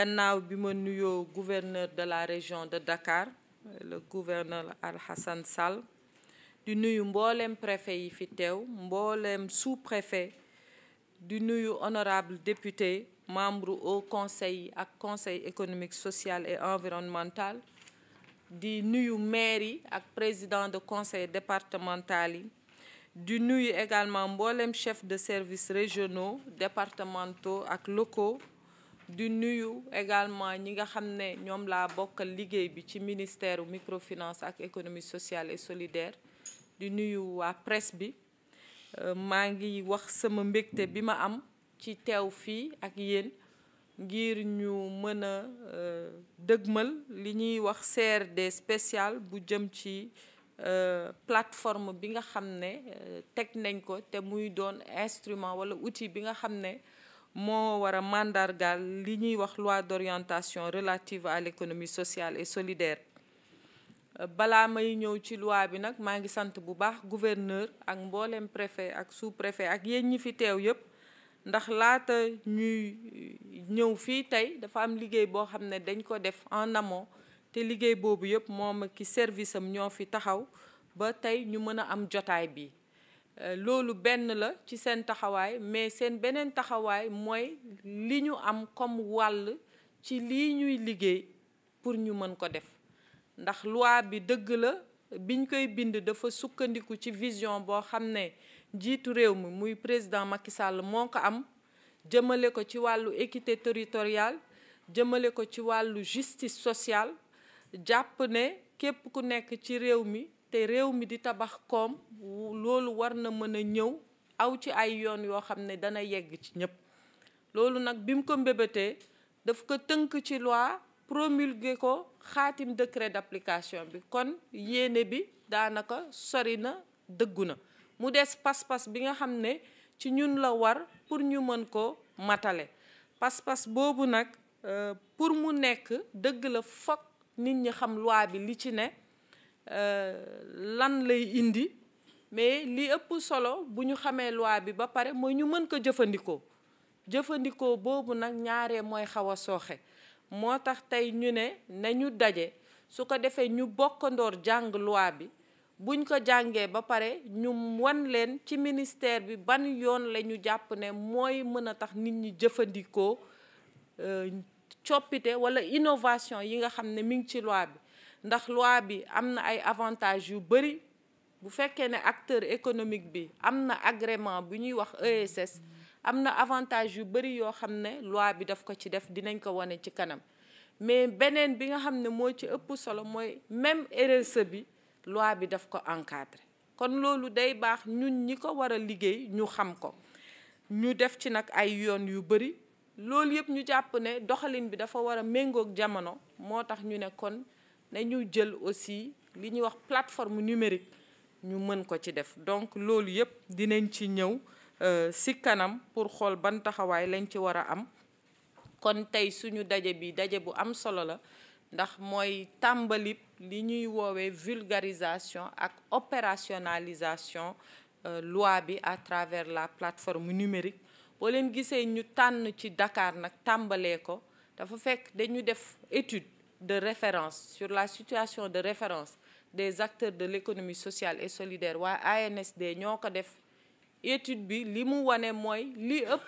gannaaw bi ma nuyoo gouverneur de la région de Dakar le gouverneur Al-Hassan Sall di nuyu mboolem préfet yi fi teew mbooleem sous-préfet di nuyu honorable député membre au conseil ak conseil économique social et environnemental di nuyu maire yi ak président de conseil départemental yi di nuyu également mboolem chef de service régionaux départementaux ak locaux di nuyu également ñi nga xam ne ñoom laa bokkal liggéey bi ci ministère microfinance ak économie sociale et solidaire di nuyu waa presse bi euh, maa ngi wax sama mbégte bi ma am ci teew fii ak yéen ngir ñu mën a euh, dëgmal li ñuy wax de spécial bu jëm ci euh, plateforme bi nga xam ne teg nañ ko te muy doon instrument wala outil bi nga xam ne moo war a màndargaal li ñuy wax loi d'orientation relative à l'économie sociale et solidaire balaa may ñëw ci loi bi nag maa ngi sant bu baax gouverneur ak mboolem préfet ak sous-préfet ak yéen ñi fi teew yépp ndax laata ñuy ñëw fii tey dafa am liggéey boo xam ne dañ ko def en amont te liggéey boobu yépp moom ki service am ñoo fi taxaw ba tey ñu mën a am jotaay bi Euh, loolu benn la ci seen taxawaay mais seen beneen taxawaay mooy li ñu am comme wàll ci lii ñuy liggéey pour ñu mën ko def ndax loi bi dëgg la biñ koy bind dafa sukkandiku ci vision boo xam ne njiitu réew mi muy président Macky Sall moo ko am jëmale ko ci wàllu équité territoriale jëmale ko ci wàllu justice sociale jàpp ne képp ku nekk ci réew mi te réew mi di tabax koom loolu war na mën a ñëw aw ci ay yoon yoo xam ne dana yegg ci ñëpp loolu nag bi mu ko mbébétee daf ko tënk ci loi promulgué ko xaatim décret d'application bi kon yéene bi daanaka sori na dëggu na mu des pas-pas bi nga xam ne ci ñun la war pour ñu mën ko matale pas-pas boobu nag euh, pour mu nekk dëgg la foog nit ñi xam loi bi li ci ne Euh, lan lay indi mais li ëpp solo bu ñu xamee loi bi ba pare mooy ñu mën ko jëfandikoo jëfandikoo boobu nag ñaaree mooy xaw a sooxe moo tax tey ñu ne nañu daje su ko defee ñu bokkandoor jàng loi bi buñ ko jàngee ba pare ñu wan leen ci ministère bi ban yoon la ñu jàpp ne mooy mën a tax nit ñi jëfandikoo euh, coppite walla innovation yi nga xam ne mi ngi ci loi bi ndax loi bi am na ay avantages yu bëri bu fekkee ne acteur économique bi am na agrément bu ñuy wax ESS am na avantage yu bëri yoo xam ne loi bi daf ko ci def dinañ ko wane ci kanam mais beneen bi nga xam ne moo ci ëpp solo mooy même RSE bi loi bi daf ko encatre kon loolu day baax ñun ñi ko war a liggéey ñu xam ko ñu def ci nag ay yoon yu bëri loolu yëpp ñu jàpp ne doxalin bi dafa war a méngoog jamono moo tax ñu ne kon nañu jël aussi li ñuy wax plateforme numérique ñu mën ko ci def donc loolu yëpp dinañ ci ñëw euh, si kanam pour xool ban taxawaay lañ ci war a am kon tey suñu daje bi daje bu am solo la ndax mooy tàmbalib li ñuy woowee vulgarisation ak opérationnalisation euh, loi bi à travers la plateforme numérique boo leen gisee ñu tànn ci dakaar nag tàmbalee ko dafa fekk dañu def étude de référence sur la situation de référence des acteurs de l'économie sociale et solidaire waa ANSD ñoo ko def étude bi li mu wane mooy li ëpp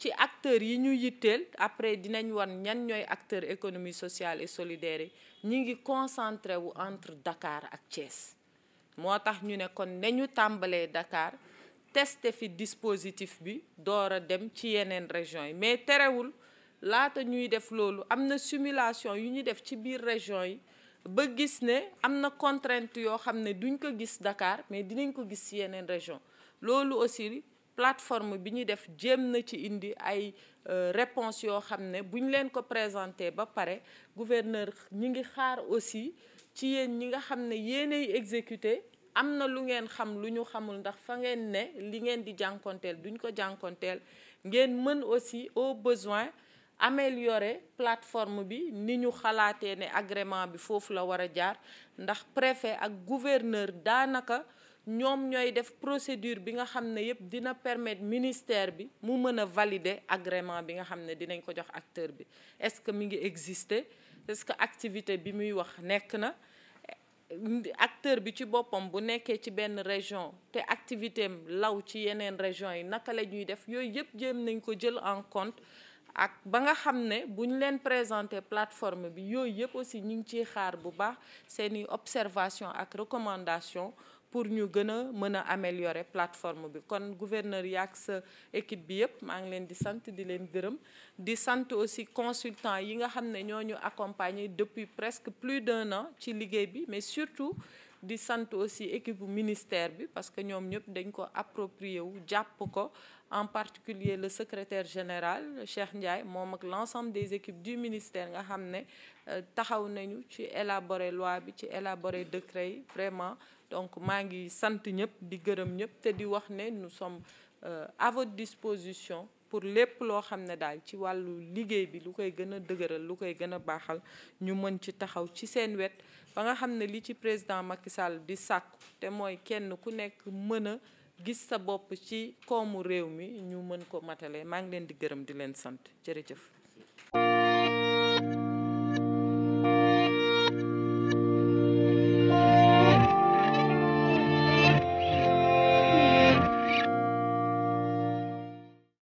ci acteurs yi ñu yitteel après dinañ wan ñan ñooy acteur économie sociale et solidaire yi ñi ngi concentré wu entre Dakar ak Thiès moo tax ñu ne kon nañu tàmbalee Dakar testé fi dispositif bi door a dem ci yeneen régions yi mais terewul laata ñuy def loolu am na simulation yu ñu def ci biir région yi ba gis ne am na contrainte yoo xam ne duñ ko gis dakaar mais dinañ ko gis ci yeneen région loolu aussi plateforme bi ñu def jéem na ci indi ay euh, réponse yoo xam ne buñ leen ko présenté ba pare gouverneur ñi ngi xaar aussi ci yéen ñi nga xam ne yéenay exécuté am na lu ngeen xam lu ñu xamul ndax fa ngeen ne li ngeen di jànkonteel duñ ko jànkonteel ngeen mën aussi au besoin améliorer plateforme bi ni ñu xalaatee ne agrément bi foofu la war a jaar ndax préfet ak gouverneur daanaka ñoom ñooy def procédure bi nga xam ne yëpp dina permettre ministère bi mu mën a valider agrément bi nga xam ne dinañ ko jox acteur bi est-ce que mi ngi exister est-ce que activité bi muy wax nekk na acteur bi ci boppam bu nekkee ci benn région te activité law ci yeneen région yi naka la ñuy def yooyu yëpp jéem nañ ko jël en compte ak ba nga xam ne bu ñu leen présenter plateforme bi yooyu yëpp aussi ñu ngi ciy xaar bu baax seeni observation ak recommandation pour ñu gën a mën a améliorer plateforme bi kon gouverneur yaak sa équipe bi yëpp maa ngi leen di sant di leen gërëm di sant aussi consultant yi nga xam ne ñoo ñu accompagner depuis presque plus d'un an ci liggéey bi mais surtout di sant aussi équipe bu ministère bi parce que ñoom ñëpp dañ ko approprié wu jàpp ko en particulier le secrétaire général Cheikh Ndiaye moom ak l'ensemble des équipes du ministère nga xam ne euh, taxaw nañu ci élaborer loi bi ci élaborer décret yi vraiment donc maa ngi sant ñëpp di gërëm ñëpp te di wax ne nu sommes euh, à votre disposition pour lépp loo xam ne daal ci wàllu liggéey bi lu koy gën a dëgëral lu koy gën a baaxal ñu mën ci taxaw ci seen wet ba nga xam ne li ci président Macky Sall di sàkku te mooy kenn ku nekk mën a gis sa bopp ci koomu réew mi ñu mën ko matale maa ngi leen di gërëm di leen sant jërëjëf